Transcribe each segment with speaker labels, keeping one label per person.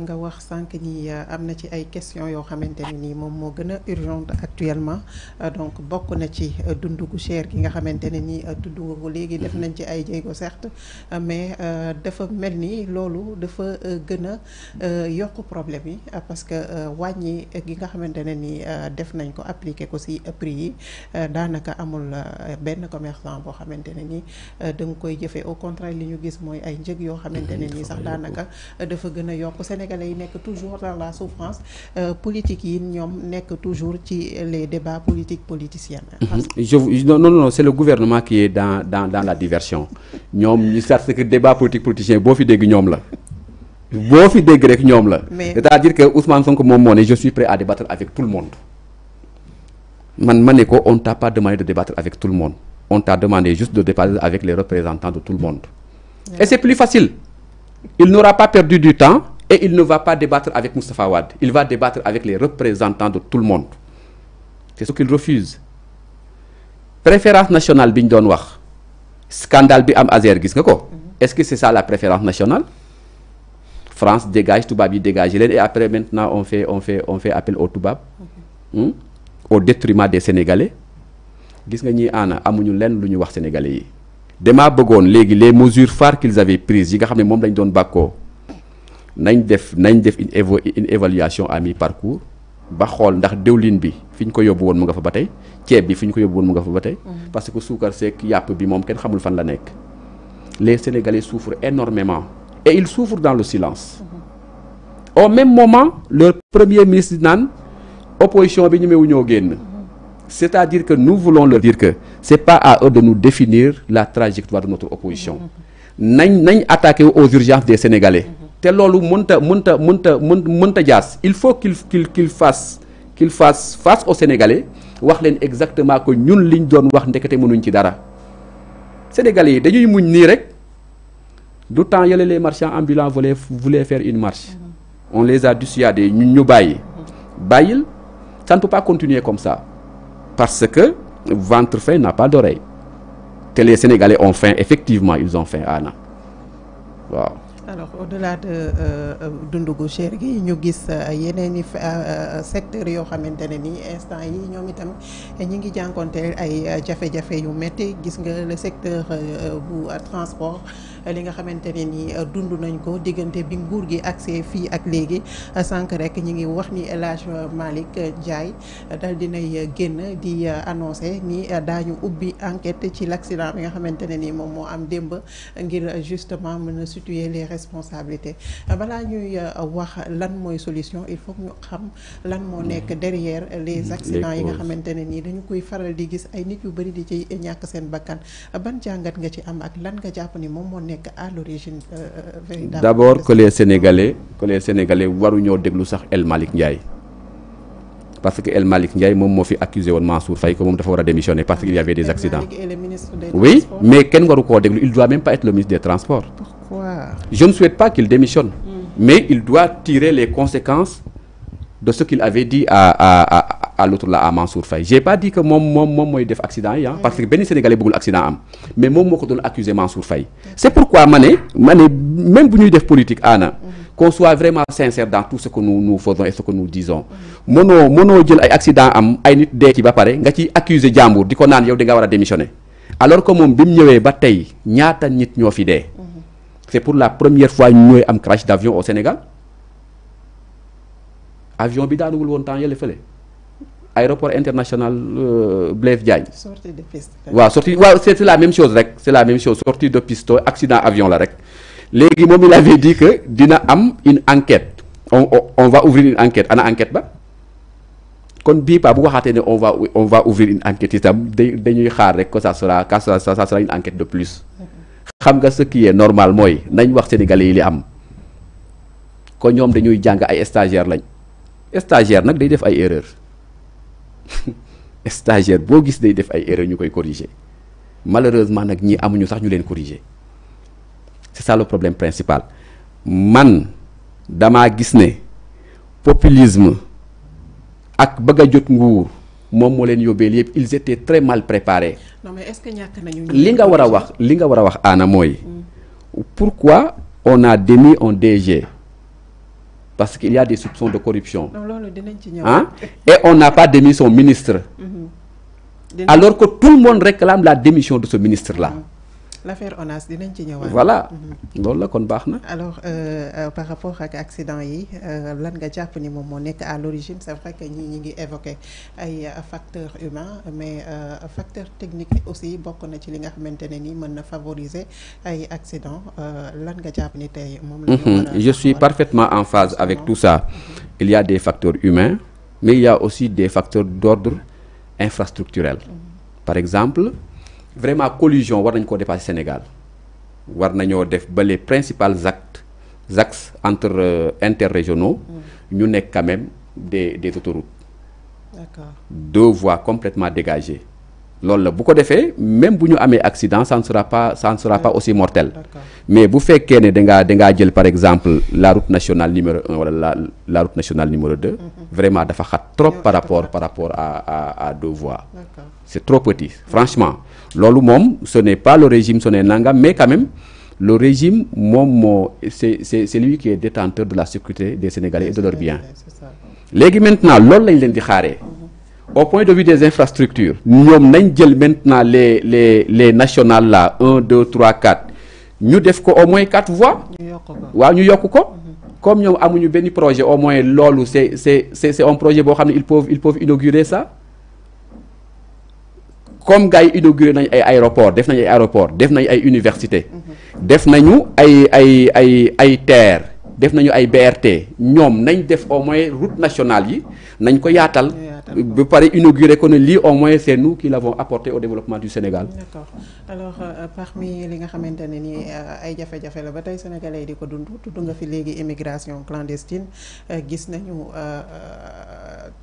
Speaker 1: nga wax sank ni euh, amna ci ay questions yo xamanteni ni mom mo gëna urgente actuellement euh, donc bokku na ci euh, dundugu cher gi nga xamanteni ni dundugu tudd def nañ ci ay jéego certes mais dafa melni lolu dafa gëna a problème yi parce que wañi gi nga xamanteni ni def nañ ko appliquer ko ci prix yi danaka amul ben commerçant bo xamanteni ni dang koy jëfé au contraire li ñu gis moy ay njëg yo xamanteni ni sax danaka dafa gëna a sénégalais n'est que toujours dans la souffrance euh, politique yi n'est que toujours ci les débats politiques politiciens.
Speaker 2: Mhm. je non non non c'est le gouvernement qui est dans dans dans la diversion ñom ñu sart que débat politique politicien Bon fi dégg ñom la. bon fi dégg rek ñom la. c'est-à-dire que Ousmane Sonko mon mon et je suis prêt à débattre avec tout le monde. man ne on t'a pas demandé de débattre avec tout le monde on t'a demandé juste de débattre avec les représentants de tout le monde. et c'est plus facile. il n'aura pas perdu du temps. Et il ne va pas débattre avec Mustafa Wad. Il va débattre avec les représentants de tout le monde. C'est ce qu'il refuse. Préférence nationale, biñ don Scandale bi am Azer gis mhm. Est-ce que c'est ça la préférence nationale? France dégage, Toubab dégage et après maintenant on fait on fait on fait appel au Toubab. Hmm? Au détriment des Sénégalais. Gis nga ñi ana amuñu lenn luñu wax Sénégalais yi. Dama les mesures phares qu'ils avaient prises yi nga xamné mom lañ doon nañ def nañ def une évo une évaluation à mi-parcours ba xol ndax lignes bi fiñ ko yóbbu won mu nga fa batay tey bi fiñ ko yóbbu won mu nga fa batay mm. parce que soukar sek yàpp bi mom ken xamul fan la nek les Sénégalais souffrent énormément et ils souffrent dans le silence. Mm-hmm. au même moment leur premier ministre nane opposition bi ñemewu ñoo genn mm-hmm. c'est-à-dire que nous voulons leur dire que c'est pas à eux de nous définir la trajectoire de notre opposition. Mm-hmm. nañ nañ attaqué aux urgences des Sénégalais te il faut qu'il qu'il fasse qu'il fasse face aux Sénégalais wax leen exactement que ñun liñ doon wax ndekete mënuñ Sénégalais ils dañuy muñ D'autant rek du temps les marchands ambulants voulaient voulaient faire une marche mm-hmm. on les a dissuadés ñun ñu bàyyi mm-hmm. bàyyil ça ne peut pas continuer comme ça parce que ventre fin n'a pas d'oreille les Sénégalais ont faim effectivement ils ont faim Anna waaw
Speaker 1: au delà de euh, euh, dundu gu cher gi ñu gis euh, yeneen i secteurs yoo xamante instant yi ñoom itam ñi ngi jànkonteel ay jafe-jafe yu métti gis nga le secteur bu transport li nga xamante ne ni euh, dund nañ ko diggante bi nguur gi accès fii ak léegi euh, sànq rek ñi ngi wax ni El Hadj Malick euh, dal dinay génn di annoncé nii daañu ubbi enquête ci l'accident bi nga xamante ne ni moom moo am démb ngir justement mën a situer les responsabilités balaa ñuy wax lan mooy solution il faut ñu xam lan moo nekk derrière les accidents yi nga xamante ne nii dañu koy faral di gis ay nit yu bëri di ci ñàkk seen bakkan ban jàngat nga ci am ak lan nga jàpp ni moom à l'origine euh, euh, d'abord
Speaker 2: que les sénégalais que les sénégalais waruñoo déglu sax El malik Ndiaye parce que El malik Ndiaye mom moo accusé de Mansour Faye que mom dafa démissionner parce qu'il y avait des accidents oui mais Ken waru ko déglu il doit même pas être le ministre des transports pourquoi je ne souhaite pas qu'il démissionne hmm. mais il doit tirer les conséquences de ce qu'il avait dit à l'autre là à Mansour Je j'ai pas dit que mon mon mon mooy def accident hein, parce que Sénégal sénégalais beaucoup accident am mais mon moo ko accuser Mansour Faye c'est pourquoi mané mané même si nous def politiques, qu'on soit vraiment sincère dans tout ce que nous nous faisons et ce que nous disons Mono mono jël ay accident am ay nit qui ci ba paré nga ci accuser jàmbur diko nan yow a démissionner alors que mon bim ñëwé ñëwee ba ñaata nit c'est pour la première fois a un crash d'avion au Sénégal avion bi daanuwul le temps est fait aéroport international euh, Blaise Diagne.
Speaker 1: sortie de piste. Ouais, sortie
Speaker 2: waaw c' la même chose rek C'est la même chose sortie de piste accident avion la rek léegi moom il avait dit que dina am une enquête on on va ouvrir une enquête ana enquête ba kon bii paa bu waxaatee on va on va ouvrir une enquête ça. dañuy xaar rek que ça sera ça sera une enquête de plus. xam nga ce qui est normal mooy nañ wax sénégalais yi li am ko ñoom dañuy jàng ay stagiaires lañ stagiaire nag day def ay erreurs. stagiaire bo gis day def ay erreurs ñu corriger malheureusement nak ñi amuñu sax ñu leen corriger c'est ça le problème principal man dama gis ne populisme ak bëgg a jot nguur moom moo leen yóbbee yëpp ils étaient très mal préparés.
Speaker 1: non mais est-ce que ñàkk nañu. li nga
Speaker 2: war a wax li nga war a wax Anna mooy. Mm. pourquoi on a démis un DG parce qu'il y a des soupçons de corruption. Hein? Et on n'a pas démis son ministre.
Speaker 1: Mhm. Alors que
Speaker 2: tout le monde réclame la démission de ce ministre-là. Mhm
Speaker 1: l'affaire ONAS dinañ ci ñëwaat. voilà la kon alors euh, euh, par rapport à l'accident... yi euh, lan nga japp ni mom à l'origine c'est vrai que ñi ñi ngi évoquer ay facteurs humains mais facteur technique aussi bokk na ci li nga ni favoriser ay lan nga japp
Speaker 2: mhm. je suis parfaitement en phase avec tout ça il y a des facteurs humains mais il y a aussi des facteurs d'ordre infrastructurel mhm. par exemple vraiment collusion war nañ pas dépasser Sénégal war def les principales actes axes euh, interrégionaux mm. nous avons quand même des des autoroutes. deux voies complètement dégagées loolu la bu ko même buñu amé accident ça ne sera pas ça ne sera pas aussi mortel mais bu faites né dénga dénga jël par exemple la route nationale numéro 2, wala la la route nationale numéro deux mhm. vraiment dafa trop par rapport par rapport à à à deux voies c'est trop petit franchement loolu mom ce n'est pas le régime ce n'est nanga mais quand même le régime mom c'est c'est lui qui est détenteur de la sécurité des Sénégalais et de leurs biens maintenant loolu lañ leen di xaaree mhm au point de vue des infrastructures, nous avons maintenant les, nationales 1, 2, 3, 4. Nous avons au moins 4 voies. New York. New York. Comme nous avons un projet, au moins LOL, c'est un projet ils peuvent, inaugurer ça. Comme nous avons inauguré un aéroport, un aéroport, université, mhm. terre def nañu ay BRT ñom nañ def au moins route nationale yi nañ ko yaatal bu pare inaugurer ko ne lii au moins c'est nous qui l'avons apporté au développement du Sénégal
Speaker 1: d'accord alors euh, parmi li nga xamante ni euh, ay jafé jafé la batay sénégalais diko dund tudd nga fi légui immigration clandestine euh, gis nañu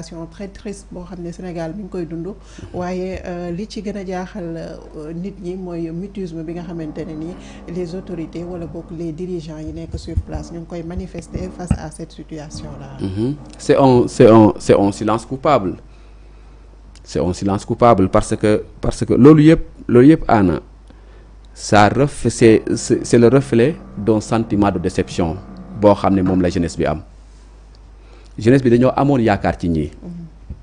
Speaker 1: situation très triste boo xam ne Sénégal mi ngi koy dund waaye euh, li ci gëna a jaaxal euh, nit ñi moy mutisme bi nga xamante ne les autorités wala bok les dirigeants yi nek sur place ñu koy manifester face à cette situation là.
Speaker 2: Mmh. c'est un c'est un c'est un silence coupable c'est un silence coupable parce que parce que lolu yëpp lolu yëpp ana ça reflet c'est c'est le reflet d'un sentiment de déception bo xamné mom la jeunesse bi am jeunesse bi dañoo pas yaakaar ci ñi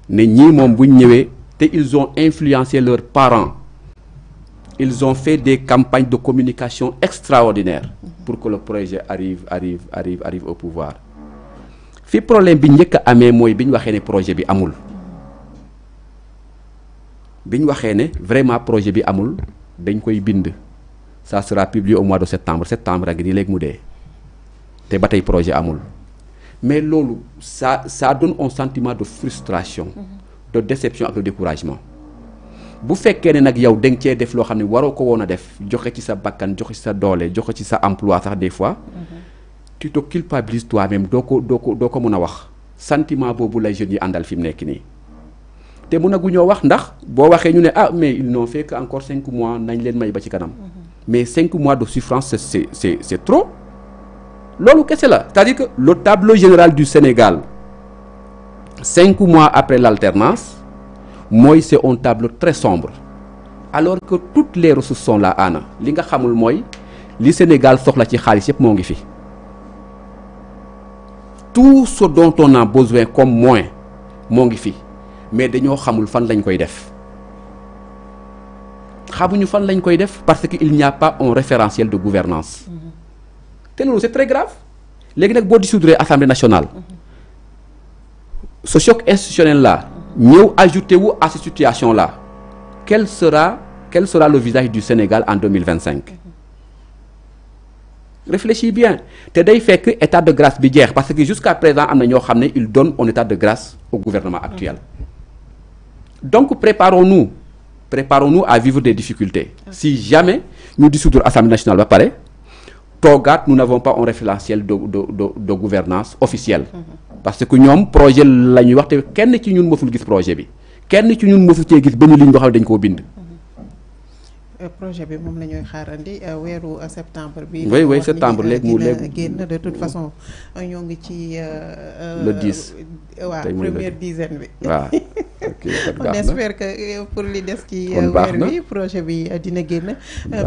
Speaker 2: ne ñi mom buñ ñëwé te ils ont influencé leurs parents ils ont fait des campagnes de communication extraordinaires pour que le projet arrive arrive arrive arrive au pouvoir fi problème bi que les moy biñ waxé né projet bi amul biñ waxé né vraiment projet bi amul dañ koy bind ça sera publié au mois de septembre septembre ak nii léegi mu dé té batay projet amul mais lolo ça ça donne un sentiment de frustration mhm. de déception et de découragement bu fekkee ne nag yow da nga cee def loo xam ne waroo ko woon def joxe ci sa bakkan joxe ci sa ci sa emploi sax des fois mhm. tu te culpabilises toi-même doko doko doko mon doo wax sentiment boobu lay jeunes yi film fi mu nekk nii te na agu ñoo wax ndax Bo waxee ñu ne ah mais ils n'ont fait que encore cinq mois nañ leen may ba ci kanam mhm. mais cinq mois de souffrance c'est c'est c'est trop kessé la c'est-à-dire que le tableau général du Sénégal cinq mois après l'alternance moy c'est un tableau très sombre alors que toutes les ressources sont là ana li nga xamul que li Sénégal soxla ci xaalis yep mo ngi fi tout ce dont on a besoin comme moins mo ngi fi mais dañoo xamul fan lañ koy def xamuñu fan lañ koy def parce qu'il n'y a pas un référentiel de gouvernance c'est très grave Maintenant, si vous dissoudre l'Assemblée nationale ce choc institutionnel là où ajoutez à cette situation là quel sera quel sera le visage du Sénégal en 2025 réfléchis bien te fait que état de grâce bi parce que jusqu'à présent il donne un état de grâce au gouvernement actuel donc préparons-nous préparons-nous à vivre des difficultés si jamais nous dissoudrons l'Assemblée nationale va parler toogaat nous n'avons pas un référentiel de de de de gouvernance officielle parce que ñoom projet la ñuy wax te kenn ci ñun mësul gis projet bi kenn ci ñun mësul cee gis benn ligne boo xam dañ koo bind
Speaker 1: euh, projet bi mom la ñuy xaarandi euh, weeru euh, septembre bi oui oui septembre léegi mu léegi de toute façon ñoo ngi ci
Speaker 2: le 10 première dizaine bi waaw on espère
Speaker 1: que euh, pour li des ci euh, weer projet bi euh, dina guen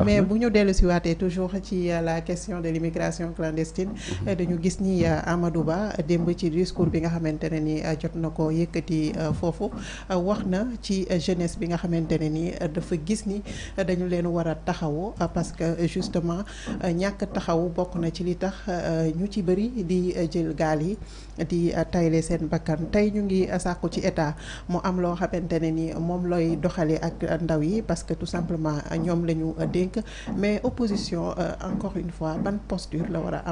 Speaker 1: mais bu ñu délu ci waatee toujours ci la question de l'immigration clandestine dañu gis ni Amadou Ba démb ci discours bi nga xamantene ni jot nako ko fofu foofu wax na ci jeunesse bi nga xamantene ni dafa gis ni dañu leen wara a parce que justement ñak taxawu bokk na ci li tax ñu ci bari di jël gal yi di tayle sen bakkan tay ñu ngi saxu ci état mu am lo ni mom loy ak ndaw yi parce que tout simplement ñom les mais opposition euh, encore une fois ban posture la wara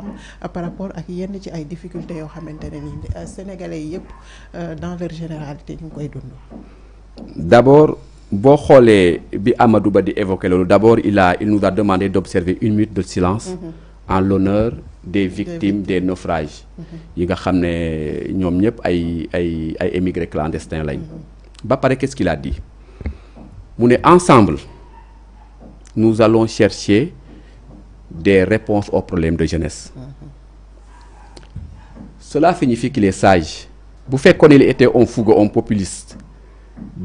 Speaker 1: par rapport ak yenn ci ay difficultés euh, sénégalais euh, dans
Speaker 2: leur généralité d'abord bi Amadou Ba d'abord il a il nous a demandé d'observer une minute de silence. Mm-hmm en l'honneur des victimes des naufrages mhm. Il nga xam émigrés clandestins mhm. qu'est-ce qu'il a dit Nous ensemble nous allons chercher des réponses aux problèmes de jeunesse mhm. cela signifie qu'il est sage Vous faites qu'on était un fougueux un populiste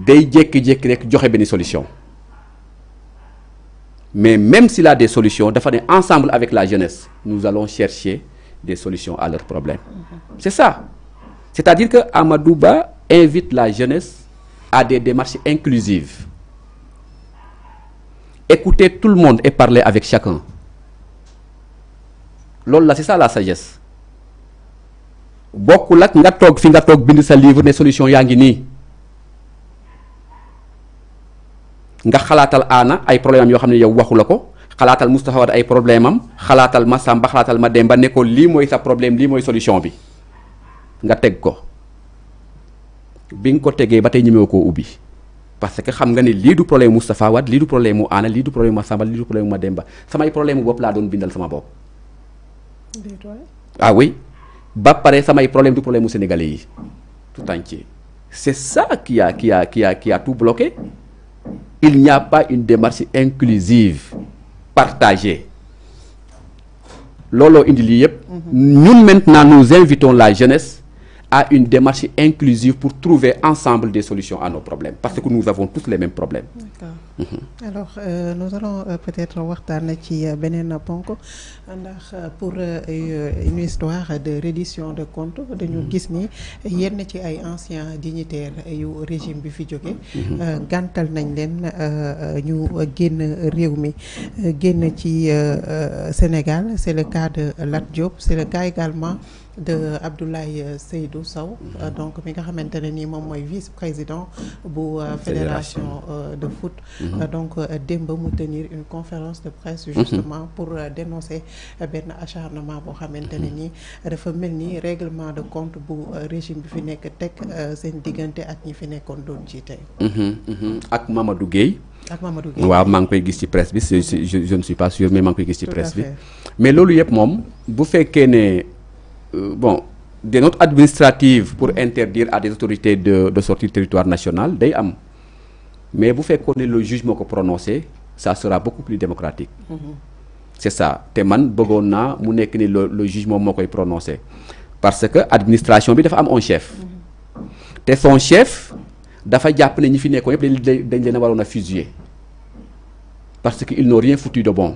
Speaker 2: Il a qu'il rek joxe une solution mais même s'il a des solutions, de ensemble avec la jeunesse, nous allons chercher des solutions à leurs problèmes. Mm-hmm. C'est ça. C'est-à-dire que Amadouba invite la jeunesse à des démarches inclusives. Écouter tout le monde et parler avec chacun. c'est ça la sagesse. Beaucoup là, nga des solutions nga xalaatal ay problème yow ay problème sa problème solution bi nga ko bi ko parce que xam nga ne lii du problème du problème mu aana du problème du problème problème doon bindal sama ah oui ba problème du problème sénégalais yi tout entier c'est ça qui a qui a qui a qui a tout bloqué il n'y a pas une démarche inclusive partagée Lolo mhm. maintenant nous invitons la jeunesse à une démarche inclusive pour trouver ensemble des solutions à nos problèmes parce que nous avons tous les mêmes problèmes. Mhm.
Speaker 1: Alors euh, nous allons euh, peut-être voir ci euh, beneen ponk pour une histoire de reddition de compte de de mhm. gis ni yenn un ancien anciens dignitaires un régime bi fi jóge mhm. gàntal nañ leen ñu qui Sénégal c'est le cas de Lat Diop c'est le cas également de Abdoulaye euh, Seydou Sow euh, mhm. donc mi nga xamante ni mom moy vice président bu euh, fédération de foot mhm. donc Demba mu tenir une conférence de presse mhm. justement pour dénoncer ben acharnement bo xamante ni dafa melni règlement de compte bu régime bi fi nek tek seen diganté ak ñi fi nekkoon doon jiite
Speaker 2: ak Mamadou ak Mamadou Guèye waaw maa ngi koy gis ci presse bi je ne suis pas sûr mais maa ngi koy gis ci presse bi mais loolu yëpp moom bu fekkee ne euh, bon des notes administratives pour interdire à des autorités de de sortir territoire national dey am mais vous faites connaître le jugement que vous prononcé ça sera beaucoup plus démocratique. Mm-hmm. C'est ça te man le jugement prononcé parce que l'administration bi un chef. Mm-hmm. te son chef dafa jàpp ne fi nekkoon yëpp dañ dañ leen a parce qu'ils n'ont rien foutu de bon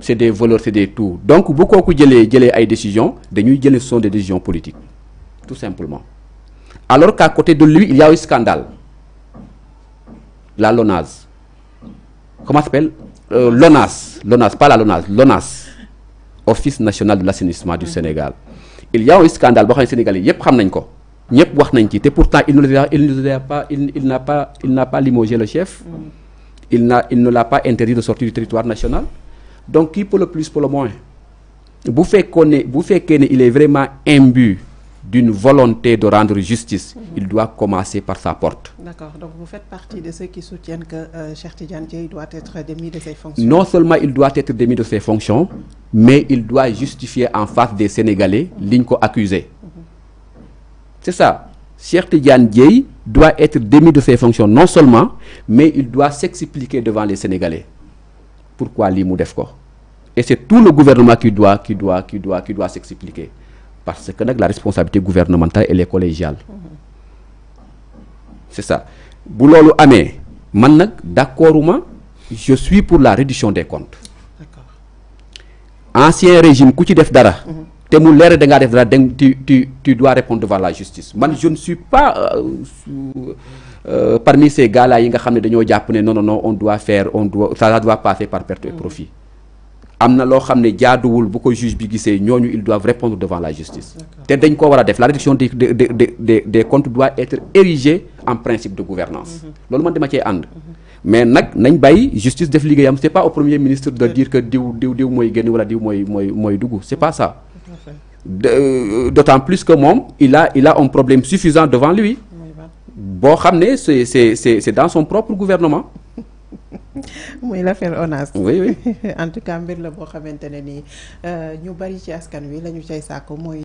Speaker 2: c'est des voleurs c'est des tout donc beaucoup kooku jëlee les des décisions nous ils sont des décisions politiques tout simplement alors qu'à côté de lui il y a eu un scandale la LONAS comment s'appelle l'ONAS euh, l'ONAS pas la LONAS l'ONAS office national de l'assainissement du Sénégal il y a eu un scandale il y a Sénégal un scandale, xam nañ ko wax nañ pourtant il ne il pas il il n'a pas il n'a pas limogé le chef mm. il il ne l'a pas interdit de sortir du territoire national donc qui pour le plus pour le moins vous Kene, il est vraiment imbu d'une volonté de rendre justice mhm. il doit commencer par sa porte
Speaker 1: d'accord donc vous faites partie de ceux qui soutiennent que euh, Cheikh doit être démis de ses fonctions non
Speaker 2: seulement il doit être démis de ses fonctions mais il doit justifier en face des Sénégalais linco accusé mhm. c'est ça Cherti Tidiane doit être démis de ses fonctions non seulement mais il doit s'expliquer devant les Sénégalais pourquoi Li et c'est tout le gouvernement qui doit, qui doit, qui doit, qui doit s'expliquer. Parce que la responsabilité gouvernementale, elle est collégiale. Mhm. C'est ça. Boulolo Amé, d'accord ou je suis pour la réduction des comptes. Ancien régime, Kouti Def mhm. tu dois répondre devant la justice. je ne suis pas euh, euh, parmi ces gars-là, non, non, non, on doit faire, on doit, ça, doit passer par perte de mhm. profit amna lo xamné jaaduwul bu ko juge bi gissé ñooñu ils doivent répondre devant la justice té dañ ko wara def la réduction des des des des comptes doit être érigée en principe de gouvernance mm-hmm. lolou man dama cee ànd mm-hmm. mais nag nañ bàyyi justice def liggéeyam c'est pas au premier ministre de dire que diw diw diw moy génn wala diw moy moy moy dugg c'est pas ça euh, d'autant plus que mom il a il a un problème suffisant devant lui bo xamné c'est c'est c'est c'est dans son propre gouvernement
Speaker 1: mooy la ONAS.
Speaker 2: oui oui
Speaker 1: en tout mbir la boo xamante ne nii euh, ñu bari ci askan wi lañu ñu cay sàkk mooy.